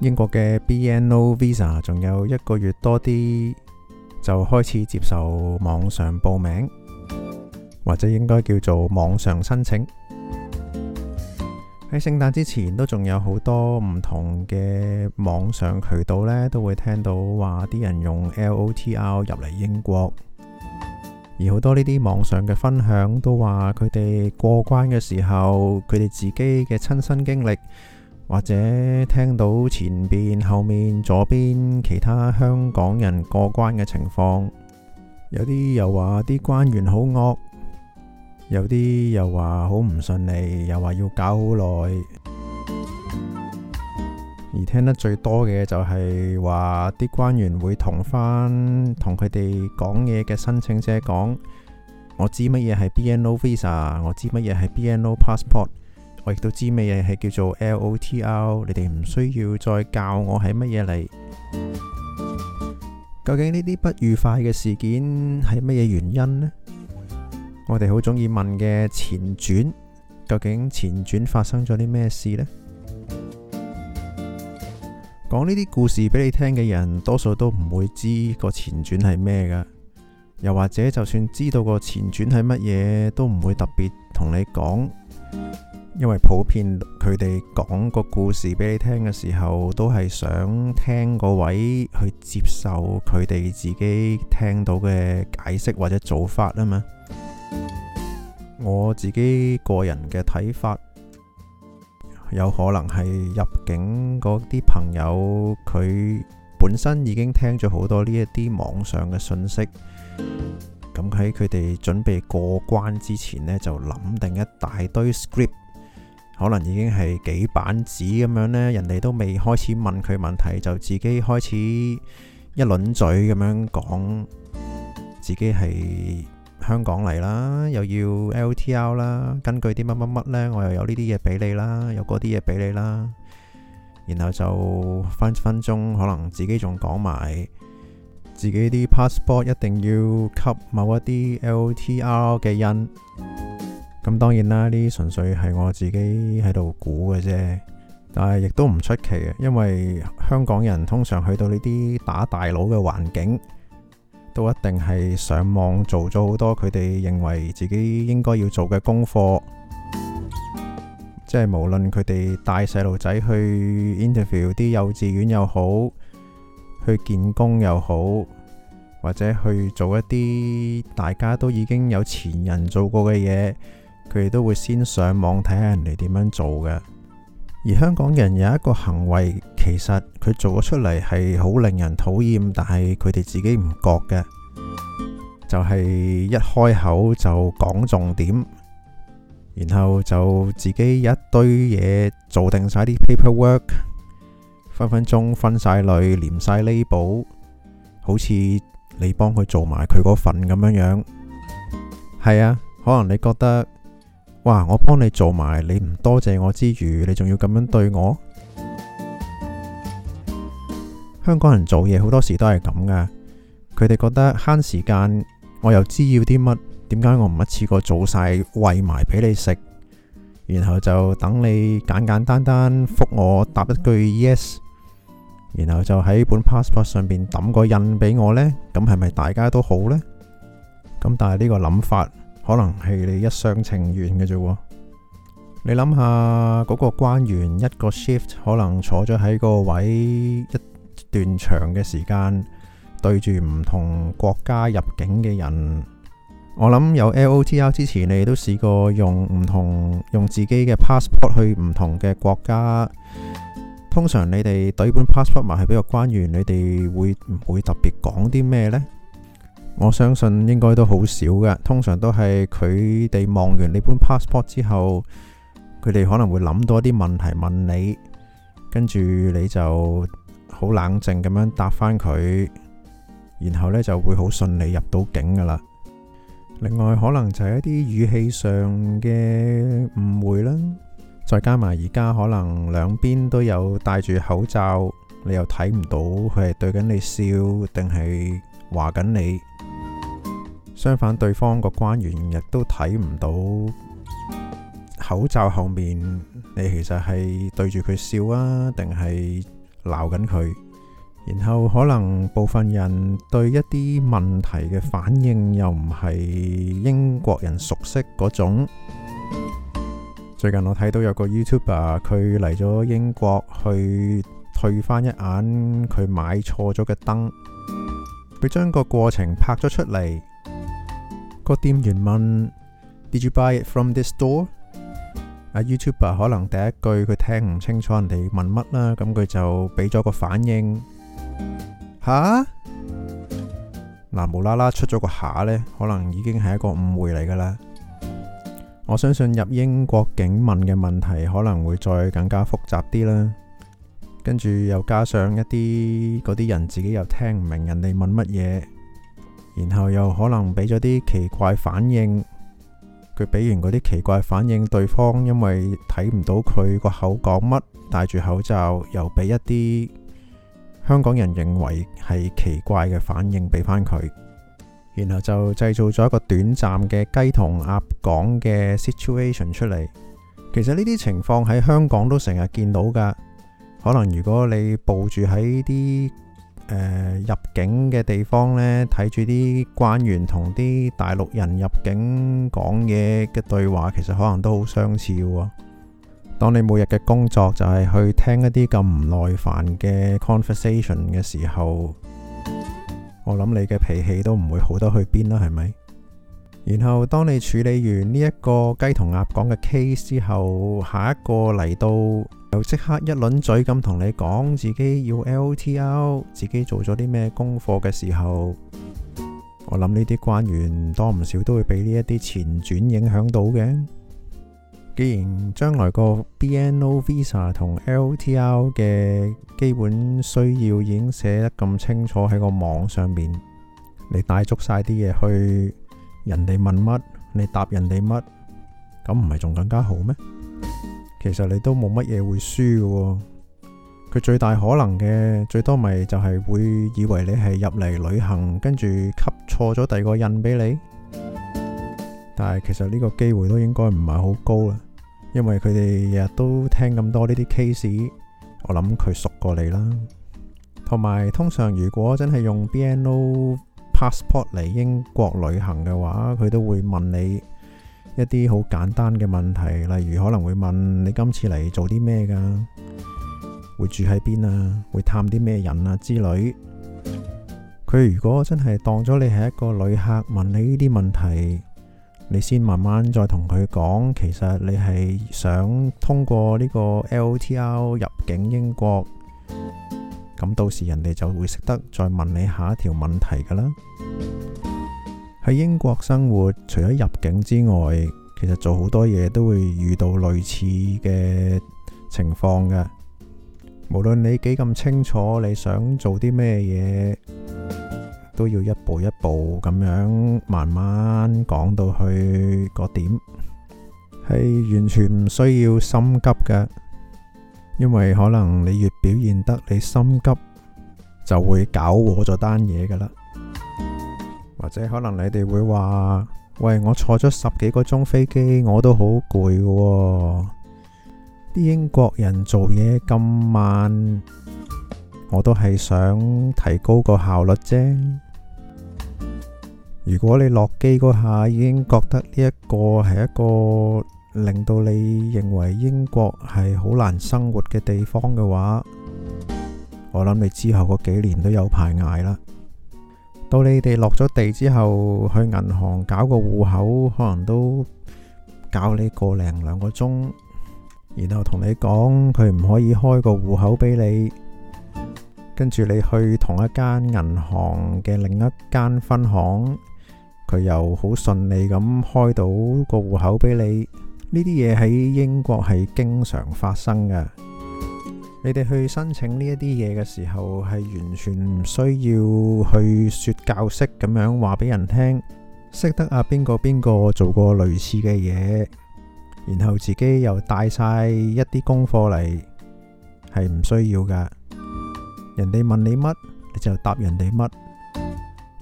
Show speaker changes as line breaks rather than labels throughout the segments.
英國嘅 BNO Visa 仲有一個月多啲就開始接受網上報名，或者應該叫做網上申請。喺聖誕之前都仲有好多唔同嘅網上渠道呢都會聽到話啲人用 LOTR 入嚟英國，而好多呢啲網上嘅分享都話佢哋過關嘅時候，佢哋自己嘅親身經歷。或者聽到前邊、後面、左邊其他香港人過關嘅情況，有啲又話啲官員好惡，有啲又話好唔順利，又話要搞好耐。而聽得最多嘅就係話啲官員會同返同佢哋講嘢嘅申請者講，我知乜嘢係 BNO Visa，我知乜嘢係 BNO Passport。我亦都知咩嘢係叫做 LOTR，你哋唔需要再教我係乜嘢嚟。究竟呢啲不愉快嘅事件係乜嘢原因呢？我哋好中意問嘅前傳，究竟前傳發生咗啲咩事呢？講呢啲故事俾你聽嘅人，多數都唔會知個前傳係咩噶，又或者就算知道個前傳係乜嘢，都唔會特別同你講。因為普遍佢哋講個故事俾你聽嘅時候，都係想聽個位去接受佢哋自己聽到嘅解釋或者做法啊嘛。我自己個人嘅睇法，有可能係入境嗰啲朋友，佢本身已經聽咗好多呢一啲網上嘅信息，咁喺佢哋準備過關之前呢，就諗定一大堆 script。可能已經係幾版紙咁樣呢，人哋都未開始問佢問題，就自己開始一輪嘴咁樣講自己係香港嚟啦，又要 LOTR 啦，根據啲乜乜乜呢，我又有呢啲嘢俾你啦，有嗰啲嘢俾你啦，然後就分分鐘，可能自己仲講埋自己啲 passport 一定要給某一啲 LOTR 嘅人。咁當然啦，呢啲純粹係我自己喺度估嘅啫，但係亦都唔出奇嘅，因為香港人通常去到呢啲打大佬嘅環境，都一定係上網做咗好多佢哋認為自己應該要做嘅功課，即係無論佢哋帶細路仔去 interview 啲幼稚園又好，去見工又好，或者去做一啲大家都已經有前人做過嘅嘢。佢哋都會先上網睇下人哋點樣做嘅。而香港人有一個行為，其實佢做咗出嚟係好令人討厭，但係佢哋自己唔覺嘅，就係一開口就講重點，然後就自己一堆嘢做定晒啲 paperwork，分分鐘分晒類，粘晒啲 label 好似你幫佢做埋佢嗰份咁樣樣。係啊，可能你覺得。哇！我幫你做埋，你唔多謝我之餘，你仲要咁樣對我？香港人做嘢好多時都係咁㗎，佢哋覺得慳時間，我又知要啲乜，點解我唔一次過做晒餵埋俾你食，然後就等你簡簡單單覆我答一句 yes，然後就喺本 passport 上面抌個印俾我呢。咁係咪大家都好呢？咁但係呢個諗法。可能係你一廂情願嘅啫喎，你諗下嗰個關員一個 shift 可能坐咗喺個位一段長嘅時間，對住唔同國家入境嘅人。我諗有 LOTR 之前，你都試過用唔同用自己嘅 passport 去唔同嘅國家。通常你哋懟本 passport 埋係俾個關員，你哋會唔會特別講啲咩呢？我相信應該都好少嘅，通常都係佢哋望完你本 passport 之後，佢哋可能會諗到一啲問題問你，跟住你就好冷靜咁樣答翻佢，然後呢就會好順利入到境噶啦。另外可能就係一啲語氣上嘅誤會啦，再加埋而家可能兩邊都有戴住口罩，你又睇唔到佢係對緊你笑定係話緊你。相反，對方個關員亦都睇唔到口罩後面，你其實係對住佢笑啊，定係鬧緊佢？然後可能部分人對一啲問題嘅反應又唔係英國人熟悉嗰種。最近我睇到有個 YouTuber 佢嚟咗英國去退翻一眼，佢買錯咗嘅燈，佢將個過程拍咗出嚟。個店員問：Did you buy it from this store？阿 YouTuber 可能第一句佢聽唔清楚人哋問乜啦，咁佢就俾咗個反應吓，嗱無啦啦出咗個下呢，可能已經係一個誤會嚟噶啦。我相信入英國境問嘅問題可能會再更加複雜啲啦，跟住又加上一啲嗰啲人自己又聽唔明人哋問乜嘢。然後又可能俾咗啲奇怪反應，佢俾完嗰啲奇怪反應，對方因為睇唔到佢個口講乜，戴住口罩又俾一啲香港人認為係奇怪嘅反應俾返佢，然後就製造咗一個短暫嘅雞同鴨講嘅 situation 出嚟。其實呢啲情況喺香港都成日見到㗎，可能如果你住喺啲。誒，入境嘅地方呢，睇住啲關員同啲大陸人入境講嘢嘅對話，其實可能都好相似喎。當你每日嘅工作就係去聽一啲咁唔耐煩嘅 conversation 嘅時候，我諗你嘅脾氣都唔會好得去邊啦，係咪？然後當你處理完呢一個雞同鴨講嘅 case 之後，下一個嚟到。又即刻一輪嘴咁同你講自己要 LOTR，自己做咗啲咩功課嘅時候，我諗呢啲官員多唔少都會俾呢一啲前轉影響到嘅。既然將來個 BNO Visa 同 LOTR 嘅基本需要已經寫得咁清楚喺個網上面，你帶足晒啲嘢去，人哋問乜你答人哋乜，咁唔係仲更加好咩？其實你都冇乜嘢會輸嘅，佢最大可能嘅最多咪就係會以為你係入嚟旅行，跟住吸錯咗第二個印俾你。但係其實呢個機會都應該唔係好高啦，因為佢哋日日都聽咁多呢啲 case，我諗佢熟過你啦。同埋通常如果真係用 BNO passport 嚟英國旅行嘅話，佢都會問你。一啲好簡單嘅問題，例如可能會問你今次嚟做啲咩㗎，會住喺邊啊，會探啲咩人啊之類。佢如果真係當咗你係一個旅客，問你呢啲問題，你先慢慢再同佢講，其實你係想通過呢個 LOTR 入境英國。咁到時人哋就會識得再問你下一條問題㗎啦。喺英國生活，除咗入境之外，其實做好多嘢都會遇到類似嘅情況嘅。無論你幾咁清楚你想做啲咩嘢，都要一步一步咁樣慢慢講到去嗰點，係完全唔需要心急嘅。因為可能你越表現得你心急，就會搞我咗單嘢噶啦。或者可能你哋會話：喂，我坐咗十幾個鐘飛機，我都好攰嘅。啲英國人做嘢咁慢，我都係想提高個效率啫。如果你落機嗰下已經覺得呢一個係一個令到你認為英國係好難生活嘅地方嘅話，我諗你之後嗰幾年都有排挨啦。到你哋落咗地之後，去銀行搞個戶口，可能都搞你個零兩個鐘，然後同你講佢唔可以開個戶口俾你，跟住你去同一間銀行嘅另一間分行，佢又好順利咁開到個戶口俾你，呢啲嘢喺英國係經常發生嘅。你哋去申請呢一啲嘢嘅時候，係完全唔需要去說教式咁樣話俾人聽，識得阿邊個邊個做過類似嘅嘢，然後自己又帶晒一啲功課嚟，係唔需要噶。人哋問你乜，你就答人哋乜。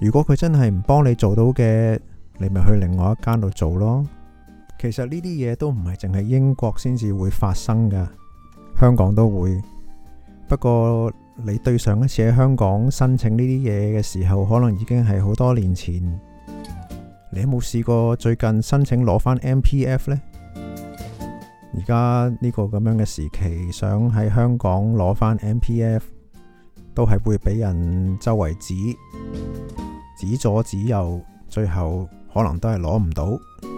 如果佢真係唔幫你做到嘅，你咪去另外一間度做咯。其實呢啲嘢都唔係淨係英國先至會發生噶。香港都會，不過你對上一次喺香港申請呢啲嘢嘅時候，可能已經係好多年前。你有冇試過最近申請攞返 MPF 呢？而家呢個咁樣嘅時期，想喺香港攞返 MPF，都係會俾人周圍指，指左指右，最後可能都係攞唔到。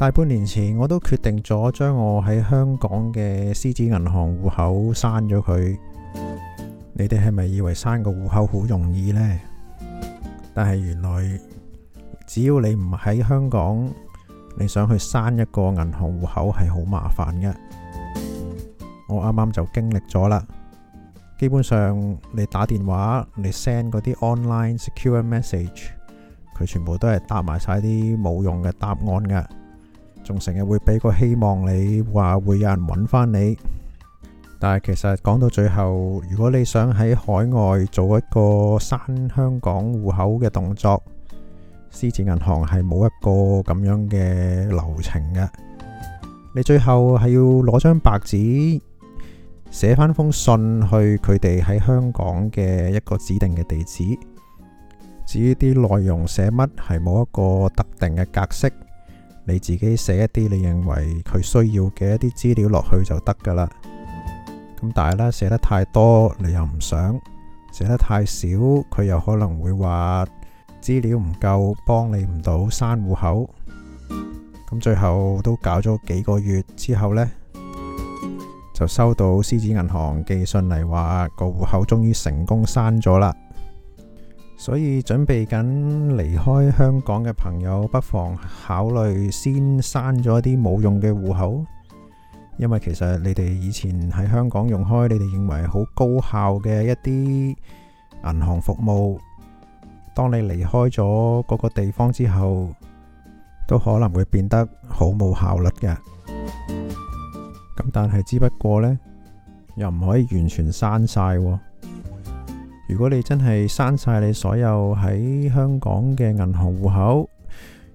大半年前，我都決定咗將我喺香港嘅獅子銀行戶口刪咗佢。你哋係咪以為刪個戶口好容易呢？但係原來只要你唔喺香港，你想去刪一個銀行戶口係好麻煩嘅。我啱啱就經歷咗啦。基本上你打電話，你 send 嗰啲 online secure message，佢全部都係答埋晒啲冇用嘅答案㗎。仲成日會俾個希望你話會有人揾翻你，但係其實講到最後，如果你想喺海外做一個刪香港戶口嘅動作，獅子銀行係冇一個咁樣嘅流程嘅。你最後係要攞張白紙寫翻封信去佢哋喺香港嘅一個指定嘅地址。至於啲內容寫乜係冇一個特定嘅格式。你自己寫一啲你認為佢需要嘅一啲資料落去就得噶啦。咁但係啦，寫得太多你又唔想，寫得太少佢又可能會話資料唔夠，幫你唔到刪戶口。咁最後都搞咗幾個月之後呢，就收到獅子銀行寄信嚟，話個戶口終於成功刪咗啦。所以準備緊離開香港嘅朋友，不妨考慮先刪咗啲冇用嘅戶口，因為其實你哋以前喺香港用開，你哋認為好高效嘅一啲銀行服務，當你離開咗嗰個地方之後，都可能會變得好冇效率嘅。咁但係，只不過呢，又唔可以完全刪晒。如果你真係刪晒你所有喺香港嘅銀行戶口，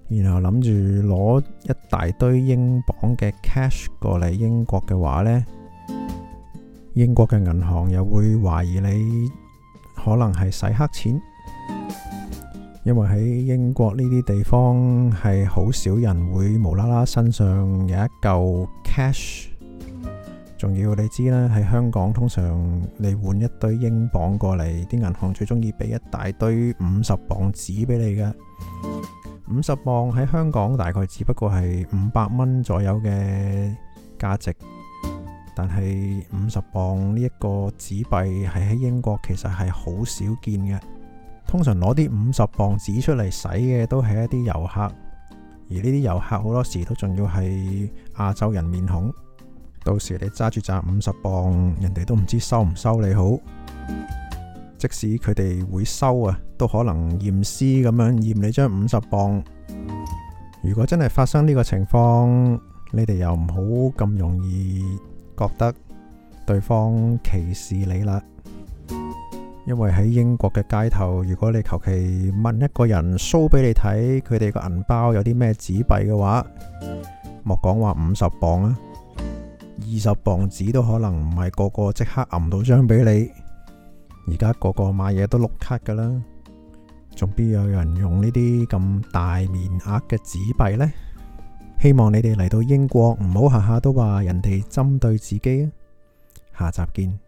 然後諗住攞一大堆英鎊嘅 cash 過嚟英國嘅話咧，英國嘅銀行又會懷疑你可能係洗黑錢，因為喺英國呢啲地方係好少人會無啦啦身上有一嚿 cash。仲要你知啦，喺香港通常你換一堆英鎊過嚟，啲銀行最鍾意俾一大堆五十鎊紙俾你㗎。五十鎊喺香港大概只不過係五百蚊左右嘅價值，但係五十鎊呢一個紙幣係喺英國其實係好少見嘅。通常攞啲五十鎊紙出嚟使嘅都係一啲遊客，而呢啲遊客好多時都仲要係亞洲人面孔。到時你揸住紮五十磅，人哋都唔知收唔收你好。即使佢哋會收啊，都可能驗屍咁樣驗你張五十磅。如果真係發生呢個情況，你哋又唔好咁容易覺得對方歧視你啦。因為喺英國嘅街頭，如果你求其問一個人 show 俾你睇佢哋個銀包有啲咩紙幣嘅話，莫講話五十磅啊！二十磅紙都可能唔係個個即刻揞到張俾你，而家個個買嘢都碌卡噶啦，仲邊有人用呢啲咁大面額嘅紙幣呢？希望你哋嚟到英國唔好下下都話人哋針對自己啊！下集見。